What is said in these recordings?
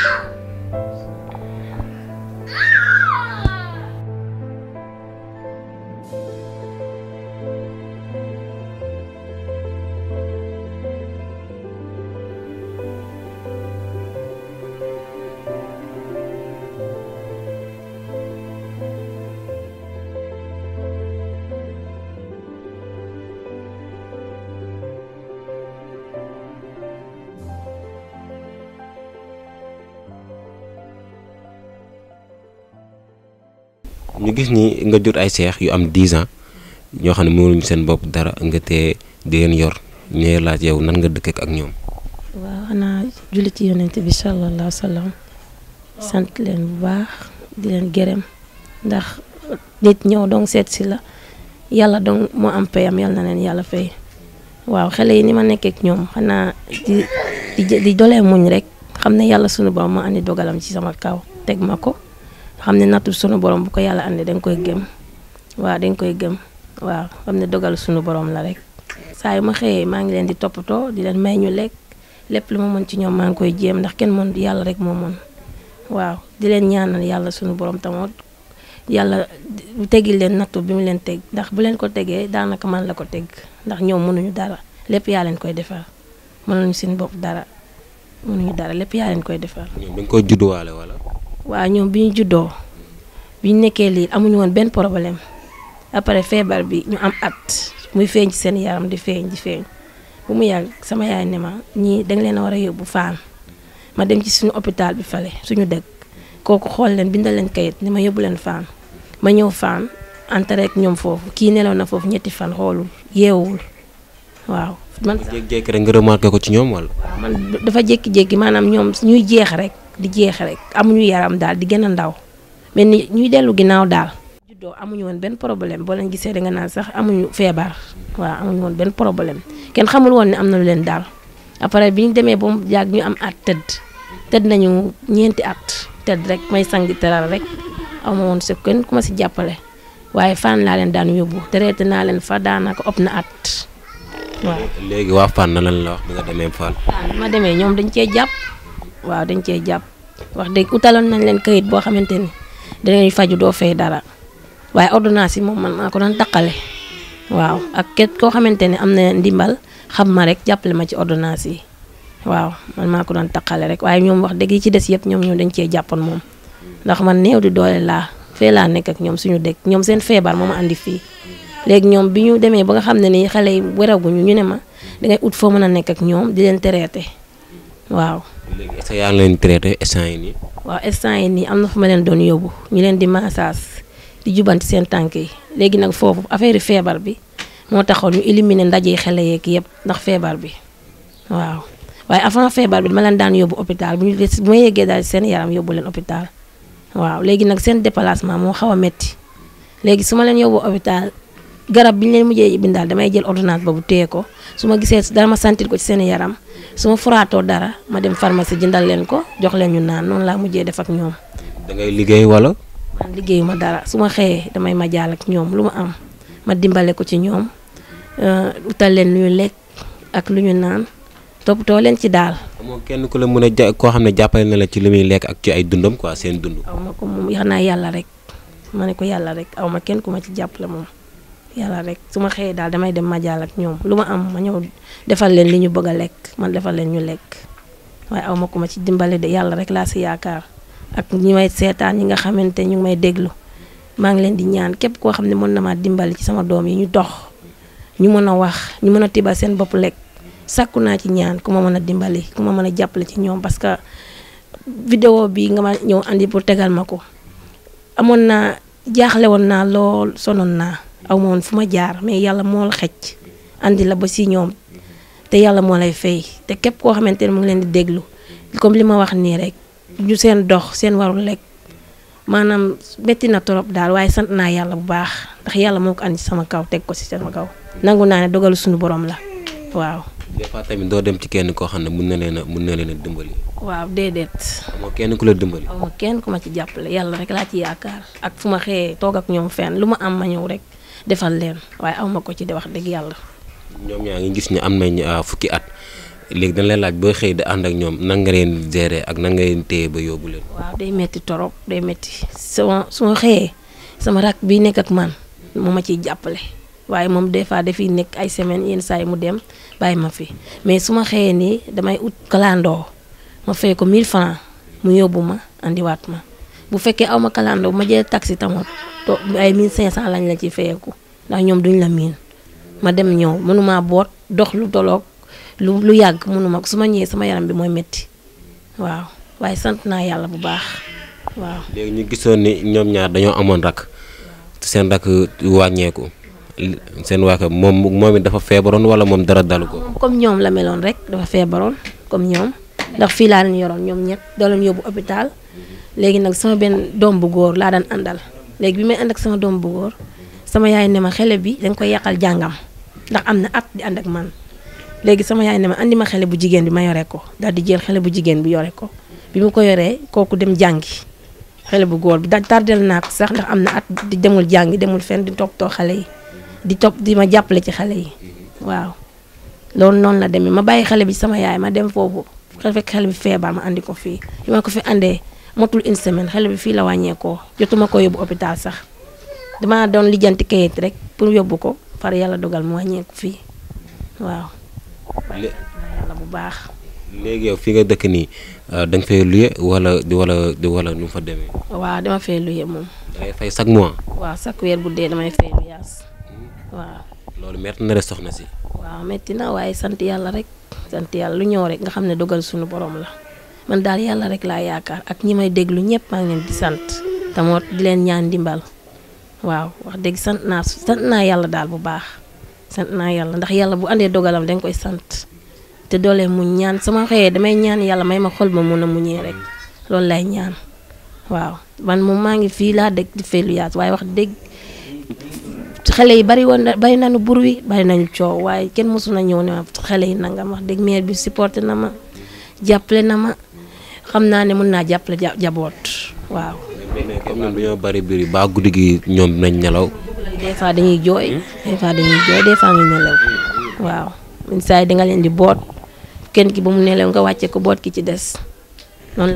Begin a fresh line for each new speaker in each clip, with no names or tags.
Tchou ñu gis ni nga jur ay seex yu am 10 ans ñoo xam ne mënuñu seen bopp dara nga tee di leen yor ñu laaj yow nan nga dëkkeek ak ñoom.
waaw xanaa julli ci yonent bi sallallahu alayhi wa sallam sant leen bu baax di leen gërëm ndax nit ñëw dong seet si la yàlla dong moo am payam yàlla na leen yàlla fay waaw xale yi ni ma nekkee ñoom xanaa di di dolee rek xam ne yàlla sunu borom ma andi dogalam ci sama kaw teg ma ko. xam ne nattu sunu borom bu ko yàlla andi danga koy gëm waaw danga koy gëm waaw xam ne dogal sunu boroom la rekk saa yu ma xëyee maa ngi leen di toppatoo di leen may ñu lekk lépp lu ma mën ci ñoom maa ngi koy jéem ndax kenn mën yàlla rek moom mën waaw di leen ñaanal yàlla sunu borom tamoot yàlla tegil leen nattu bi mu leen teg ndax bu leen ko tegee daanaka man la ko teg ndax ñoom mënuñu dara lépp yaa leen koy defar mënuñu seen bopp dara mënuñu dara lépp yaa leen koy defar. ñoom
da nga koy judduwaale
waaw ñoom bi ñu juddoo bi ñu nekkee lii amuñu woon benn problème après feebar bi ñu am at muy feeñ ci seen yaram di feeñ di feeñ bu mu yàgg sama yaay ne ma ñii dañ leen a war a yóbbu faan ma dem ci suñu hôpital bi fale suñu dëkk kooku xool leen bindal leen kayit ni ma yóbbu leen faan ma ñëw faan entré rek ñoom foofu kii nelaw na foofu ñetti fan xoolul yeewul waaw. man
jékki-jékki rek nga remarqué ci ñoom man
dafa jékki-jékki maanaam ñoom ñuy jeex rek. di jeex rek amuñu yaram daal di gën a ndaw mais ñuy dellu ginnaaw daal. juddoo amuñu woon benn problème boo leen gisee da nga naan sax amuñu feebar waaw amuñu woon benn problème kenn xamul woon ne am na lu leen daal après bi ñu demee ba mu yàgg ñu am at tëdd tëdd nañu ñeenti at tëdd rek may sang teral rek amu woon sa kenn ku ma si jàppale waaye fan laa leen daan yóbbu traité naa leen fa daanaka ëpp na at.
waaw léegi waa Fann lan la wax bi nga demee Fann. bi
ma demee ñoom dañ cee jàpp waaw dañ cee jàpp wax dëgg utaloon nañ leen kayit boo xamante ni dangay faju doo fay dara waaye ordonnance yi moom man maa ko doon taqale waaw ak képp koo xamante ne am na ndimbal xam ma rek jàppale ma ci ordonnance yi waaw man maa ko doon taqale rek waaye ñoom wax dëgg yi ci des yëpp ñoom ñoo dañ cee jàppoon moom ndax man néew di doole laa fee laa nekk ak ñoom suñu dëkk ñoom seen feebar moo ma andi fii léegi ñoom bi ñu demee ba nga xam ne ni xale yi weraguñu ñu ne ma dangay ut foo mën a nekk ak ñoom di leen traité waaw
léegi est-ce que yaa yi nii.
waaw instant yi nii am na fu ma leen doon yóbbu ñu leen di massage di jubanti seen tànk yi léegi nag foofu affaire feebar bi moo taxoon ñu éliminer ndaje xale yeeg yëpp ndax feebar bi waaw waaye avant feebar bi dama leen daan yóbbu hôpital bu ñu des bu ma yeggee daal seen yaram yóbbu leen hôpital waaw léegi nag seen déplacement moo xaw a métti léegi su ma leen yóbbu hôpital garab bi ñu leen mujjee bindaal damay jël ordonnance boobu téye ko su ma gisee dama sentir ko ci seen yaram. su ma furaatoo dara ma dem pharmacie jëndal leen ko jox leen ñu naan noonu laa mujjee def ak ñoom.
da ngay liggéey wala.
man liggéeyu ma dara su ma xëyee damay ma jaal ak ñoom lu ma am ma dimbale ko ci ñoom euh, utal leen lu ñu lekk ak lu ñu naan toppatoo leen ci daal.
amoo kenn ku la mun a ja koo xam ne jàppale na la ci lu muy lekk ak ci ay dundam quoi seen dund.
aw ma ko moom yàlla naa yàlla rek ma ne ko yàlla rek aw ma kenn ku ma ci jàppale moom. yàlla rek su ma xëyee daal damay dem ma jaal ak ñoom lu ma am ma ñëw defal leen li ñu bëgg a lekk man defal leen ñu lekk waaye aw ma ku ma ci dimbale de yàlla rek laa si yaakaar ak ñi may seetaan ñi nga xamante ñu may déglu maa ngi leen di ñaan képp koo xam ne mën na maa dimbali ci sama doom yi ñu dox ñu mën a wax ñu mën a tibal seen bopp lekk sàkku naa ci ñaan ku ma mën a dimbali ku ma mën a jàppale ci ñoom parce que vidéo bi nga ma ñëw andi pour tegal ma ko amoon naa jaaxle woon naa lool sonoon naa aw ma woon fu ma jaar mais yàlla moo la xëcc andi la ba si ñoom te yàlla moo lay fay te képp koo xamante ne mu ngi leen di déglu comme li ma wax nii rek ñu seen dox seen warul lekk maanaam métti na torop daal waaye sant naa yàlla bu baax ndax yàlla moo ko andi sama kaw teg ko si sama kaw nangu naa ne dogalu suñu borom la waaw.
des fois tamit doo dem ci kenn koo xam ne mun na leen mun na leen a waaw kenn ku la dimbali. amoo
kenn ku ma ci jàppale yàlla rek laa ci yaakaar ak fu ma xëyee toog ak ñoom fen lu ma am ma ñëw rek defal leen waaye aw ma ko ci di wax dëgg yàlla.
ñoom ñaa ngi gis ñu am nañ ah, fukki at léegi dañ lay laaj ba xëy di ànd ak ñoom nan nga leen gérer ak nan nga leen téye ba yóbbu leen.
waaw day metti torop day metti sama su ma xëyee sama rakk bi nekk ak man moo ma ciy jàppale waaye moom des fois dafiy nekk ay semaines yenn saa yi mu dem bàyyi ma fi mais su ma xëyee nii damay ut kalandoo ma fay ko 1000 francs mu yóbbu ma indiwaat ma. bu fekkee aw ma kalaandoo bu ma jëlee taxi tamoon to ay 1500 lañ la ci fayeeku ndax ñoom duñu la miin ma dem ñëw mënuma boot dox lu toloog lu yàgg mënuma ko su ma ñëwee sama yaram bi mooy métti waaw waaye sant naa yàlla bu baax waaw.
léegi ñu gisoon ni ñoom ñaar dañoo amoon rakk seen rakk wàññeeku seen waa kër moom moom it dafa feebaroon wala moom dara dalu ko.
comme ñoom la meloon rek dafa feebaroon comme ñoom ndax fii laa leen yoroon ñoom ñett doo leen yóbbu léegi nag sama benn doom bu góor laa daan àndal léegi bi may ànd ak sama doom bu góor sama yaay ne ma xele bi danga koy yàqal jàngam ndax am na at di man léegi sama yaay ne ma ma xele bu jigéen bi ma yore ko daal di jël xele bu jigéen bi yore ko bi ko yoree kooku dem jàngi xele bu góor da tardel naa ko sax am na at demul jàngi demul fen di toppatoo xale yi di topp di ma jàppale ci xale yi waaw loolu noonu la demee ma bàyyi xale bi sama yaay ma dem foofu fekk xale bi feebar ma àndi ko fii bi ma ko fi àndee motul une semaine xale bi fii la wàññeekoo jotuma ko yóbbu hôpital sax dama doon lijjanti kayit rek pour yóbbu ko far yàlla dogal mu wàññeeku fii waaw. baax.
léegi yow fi nga dëkk nii euh, da nga fay luye wala di wala di wala nu fa demee.
waaw dama fay luye moom. da ngay fay mois. waaw chaque weer bu dee damay fay luyaas hmm. waaw.
loolu metti na rek soxna si.
waaw metti na waaye sant yàlla rek. sant yàlla lu ñëw rek nga xam ne dogal suñu borom la. man daal yàlla rek laa yaakaar ak ñi may déglu ñëpp maa ngi leen di sant te moo di leen ñaan ndimbal waaw wax dëgg sant naa sant naa yàlla daal bu baax sant naa yàlla ndax yàlla bu andee dogalam danga koy sant te doole mu ñaan sama xëyee damay ñaan yàlla may ma xol ma mun a muñee rek loolu lay ñaan waaw man moom maa ngi fii laa dëkk di fay lu yaas waaye wax dëgg xale yi bari woon bari nañu bruit bari nañu coow waaye kenn mosu na ñëw ne ma xale yi nangam wax dëgg maire bi supporté na ma jàppale na ma. xam naa ne mën naa jàppale ja jaboot waaw.
mais comme bari biir ba guddi gi ñoom nañ nelaw.
des fois dañuy jooy. Hmm? des fois dañuy jooy des fois ñu nelaw. waaw nga leen di boot kenn ki ba mu nelaw nga wàcce ko boot ki ci des. noonu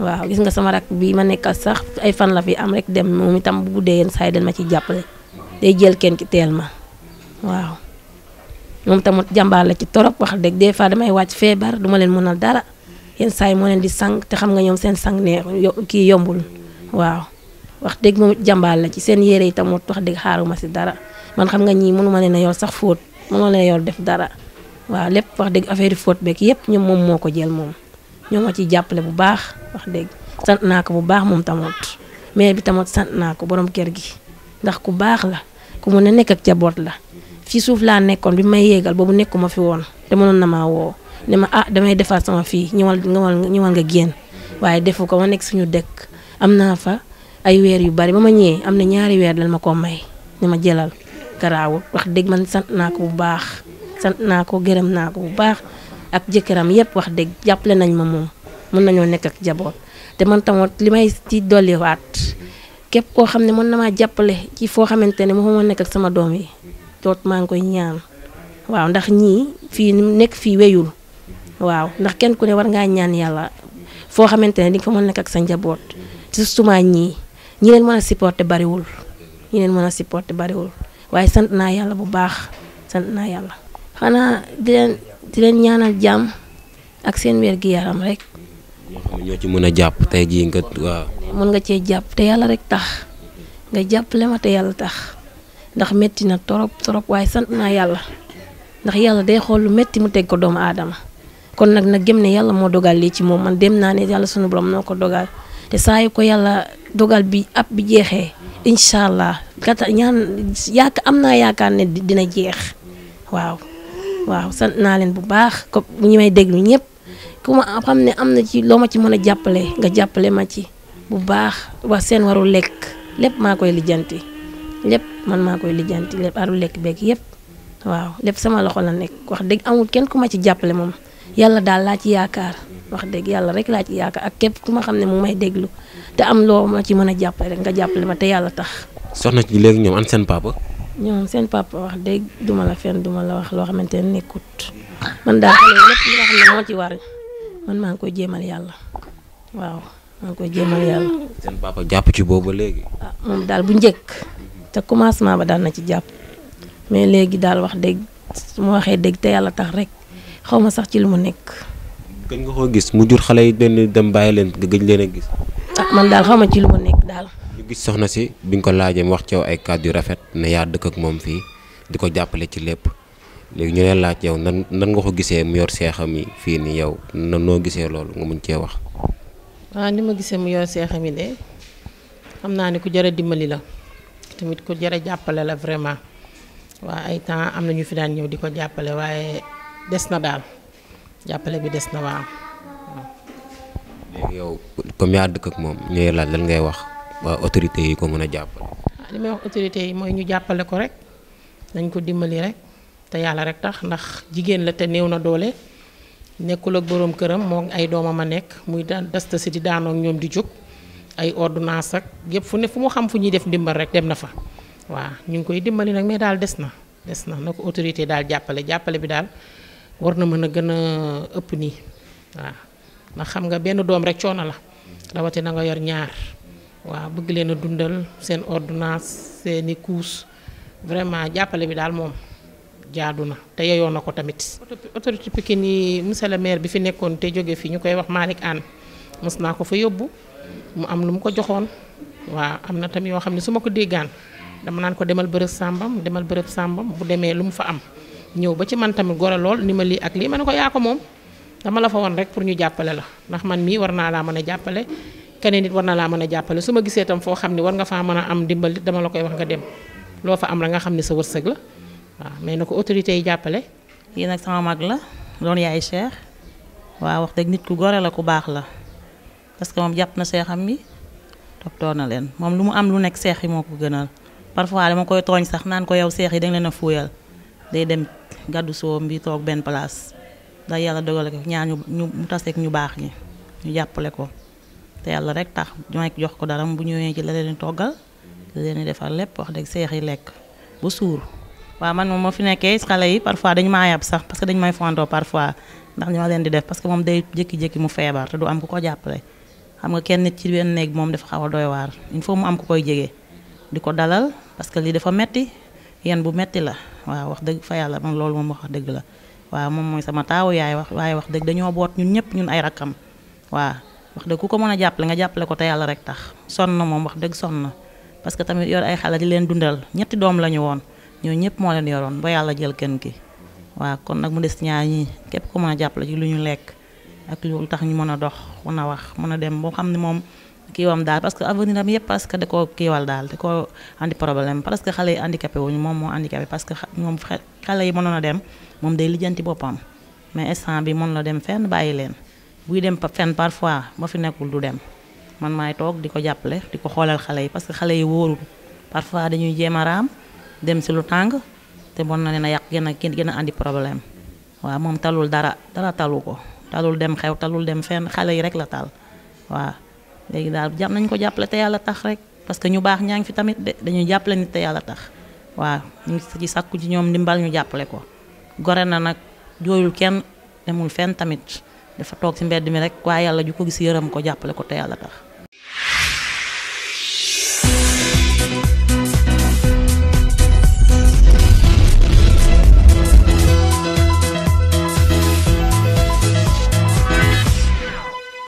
la gis nga sama rak bi ma nekkal sax ay fan la fi am rek dem moom itam bu guddee yenn saa yi dañ ma ci jàppale. day jël kenn ki teel ma waaw. moom tamit jàmbaar la ci torop wax dëgg des fois damay wàcc feebar duma leen mënal dara. yenn saa yi moo leen di sang te xam nga ñoom seen sang ne kii yombul waaw wax dëgg moom jàmbaal la ci seen yére yi tamit wax dëgg xaaruma si dara man xam nga ñii mënuma ma leen a yor sax fóot mënoo leen a yor def dara waaw lépp wax dëgg affaire fóot beeg yëpp ñoom moom moo ko jël moom ñoo ma ciy jàppale bu baax wax dëgg sant naa ko bu baax moom tamit maire bi tamit sant naa ko borom kër gi ndax ku baax la ku mun a nekk ak jaboot la fii suuf laa nekkoon bi may yéegal boobu nekkuma fi woon te na maa woo ne ma ah damay defar sama fii ñëwal ñëwal ñëwal nga génn waaye defu ko ma nekk suñu dëkk am naa fa ay weer yu bari ba ma ñëwee am na ñaari weer dal ma koo may ne ma jëlal garaawul wax dëgg man sant naa ko bu baax sant naa ko gërëm naa ko bu baax ak jëkkëram yépp wax dëgg jàppale nañ ma moom mën nañoo nekk ak jaboot te man tamit li may ci dolliwaat képp koo xam ne mën na maa jàppale ci foo xamante ne moo nekk ak sama doom yi toot maa ngi koy ñaan waaw ndax ñii fii nekk fii wéyul waaw ndax kenn ku ne war ngaa ñaan yàlla foo xamante ne di nga fa mën nekk ak sa njaboot surtout ñii ñi leen mën a supporter bariwul ñi leen mën a supporter bariwul waaye sant naa yàlla bu baax sant naa yàlla. xanaa di leen ñaanal jàmm ak seen wér yaram rek.
ñoo ci mën a jàpp tey
mën nga cee jàpp yàlla rek tax nga jàppale ma yàlla tax ndax metti na torop torop waaye sant naa yàlla ndax yàlla day xool lu metti mu teg ko doomu aadama. kon nag nag gëm ne yàlla moo dogal lii ci moom man dem naa ne yàlla suñu borom noo ko dogal te saa yu ko yàlla dogal bi ab bi jeexee incha allah gata ñaan yaaka am naa yaakaar ne dina jeex waaw waaw sa naa leen bu baax ko ñi may déglu ñëpp ku ma xam ne am na ci loo ma ci mën a jàppale nga jàppale ma ci bu baax wax seen waru lekk lépp maa koy lijjanti lépp man maa koy lijjanti lépp waru lekk beeg yëpp waaw lépp sama loxo la nekk wax dëgg amul kenn ku ma ci jàppale moom yàlla daal laa ci yaakaar wax dëgg yàlla rek laa ci yaakaar ak képp ku ma xam ne mu may déglu te am loo ma ci mën a jàppale rek nga jàppale ma te yàlla tax.
soxna ci léegi ñoom an seen papa.
ñoom seen papa wax dëgg duma la fen duma la wax loo xamante ne nekkut man daal ci war man maa ngi koy jéemal yàlla waaw maa ngi yàlla.
seen jàpp ci boobu léegi.
Ah, moom daal bu njëkk te commencement ba daal na ci jàpp mais léegi daal wax dëgg su ma waxee dégg te yàlla tax rek. xaw ma sax ci lu mu nekk.
gën nga koo gis mu jur xale yi benn dem bàyyi leen nga gëj leen a gis.
ah man daal xaw ma ci lu mu nekk daal.
ñu gis soxna si bi nga ko laajam wax ci yow ay kàddu yu rafet ne yaa dëkk ak moom fii di ko jàppale ci lépp léegi ñu leen laaj yow nan nan nga ko gisee mu yor seexam yi fii nii yow nan noo gisee loolu mun cee wax.
Ah, ni ma gisee mu yor seexam de xam naa ne ku jar dimmali dimbali la tamit ku jar jàppale la vraiment waaw ay temps am na ñu fi daan ñëw di ko jàppale waaye. des na daal jàppale bi des na waaw.
léegi yow comme yaa dëkk ak moom ñooy laaj lan ngay wax waa autorité
yi ko mën a jàpp ah, li may wax autorité yi mooy ñu jàppale ko rek nañ ko dimbali rek te yàlla rek tax ndax jigéen la te néew na doole nekkul ak boroom këram moo ay doomam a nekk muy daan dasta si di daanoo ñoom di jóg ay ordonnance ak yëpp fu ne fu mu xam fu ñuy def ndimbal rek dem na fa waaw ñu ngi koy dimbali nag mais daal des na des na na ko autorité daal jàppale jàppale bi daal. war na mën a gën a ëpp nii waaw ndax xam nga benn doom rek coono la rawatina nga yor ñaar waaw bëgg leen a dundal seen ordinance seeni couches vraiment jàppale bi daal moom jaadu na te yeyoo na ko tamit. autorité Pikine yi monsieur maire bi fi nekkoon te jóge fi ñu koy wax Malick Anne mos naa ko fa yóbbu mu am lu mu ko joxoon waaw am na tamit yoo xam ne su ma ko déggaan dama naan ko demal bërëb sàmbam demal bërëb sàmbam bu demee lu mu fa am. ñëw ba ci man tamit gore lool ni ma lii ak lii ma ne ko yaa ko moom dama la fa woon rek pour ñu jàppale la ndax man mii war naa laa mën a jàppale keneen nit war na laa mën a jàppale su ma gisee tam foo xam ne war nga faa mën a am dimbal dama la koy wax nga dem loo fa am la nga xam ne sa wërsëg la waaw mais na ko autorité yi jàppale. yii nag sama mag la doon yaay Cheikh waaw wax dëgg nit
ku gore la ku baax la parce que moom jàpp na Cheikh am mi toppatoo na leen moom lu mu am lu nekk Cheikh yi moo ko gënal parfois dama koy tooñ sax naan ko yow Cheikh yi dañ leen a day dem. gàddu soo mbi toog benn place ndax yàlla dogale ko ñaar ñu mu taseeg ñu baax ñi ñu jàppale ko te yàlla rek tax may jox ko dara bu ñëwee ci la leen toggal la leen defar lépp wax dëgg seex yi lekk bu suur waa man moom ma fi nekkee xale yi parfois dañu maa yab sax parce que dañu may fondoo parfois ndax ñoo leen di def parce que moom day jékki-jékki mu feebar te du am ku ko jàppale xam nga kenn nit ci benn néeg moom dafa xaw doy waar il mu am ku koy jege di ko dalal parce que lii dafa metti yéen bu metti la waaw wax dëgg fa yàlla man loolu moom wax dëgg la waaw moom mooy sama taawu yaay wax waaye wax dëgg dañoo boot ñun ñëpp ñun ay rakkam waaw wax dëgg ku ko mën a jàppale nga jàppale ko te yàlla rek tax sonn moom wax dëgg sonn na tamit yor ay xale di leen dundal ñetti doom la woon ñoo ñëpp moo leen yoroon ba yàlla jël kenn ki waaw kon nag mu des ñaar ñi képp ko mën a jàppale ci lu ñu lekk ak lu tax ñu mën a dox mën a wax mën a dem boo xam ne kiiwam daal parce que avenir am yëpp parce que da koo kiiwal daal da koo andi problème parce que xale yi handicapé wuñu moom moo handicapé parce que moom xale yi mënoon a dem moom day lijjanti boppam mais instant bi mën la dem fenn bàyyi leen buy dem fenn parfois ma fi nekkul du dem man maay toog di ko jàppale di ko xoolal xale yi parce que xale yi wóorul parfois dañuy jéem a raam dem si lu tàng te mën na leen a yàq gën a gën a andi problème waa moom talul dara dara talu ko talul dem xew talul dem fenn xale yi rek la tal léegi daal jàpp nañ ko jàppale te yàlla tax rek parce que ñu baax ñaa ngi fi tamit de dañuy jàppale nit te yàlla tax waa ñu ngi ci sàkku ci ñoom ndimbal ñu jàppale ko gore na nag jooyul kenn demul fenn tamit dafa toog ci mbedd mi rek waaye yàlla ju ko gis yërëm ko jàppale ko te yàlla tax